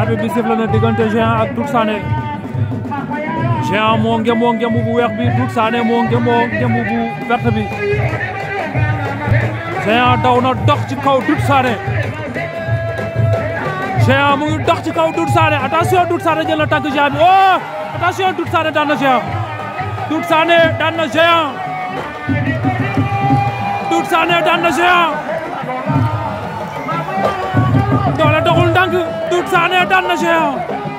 arbitre bi sifflé na diggante Géant ak Doudou Sané Géant moo ngemoo mu bu weex bi Doudou Sané moo ngemoo mu bu vert bi Géant daw na dox ci kaw Doudou Sané Géant mu ngi dox ci kaw Doudou Sané attention Doudou Sané jël na tànk Géant bi oh attention Doudou Sané daan na Géant Doudou Sané daan na Géant Doudou Sané daan na Géant doole doxul Sané daan na géant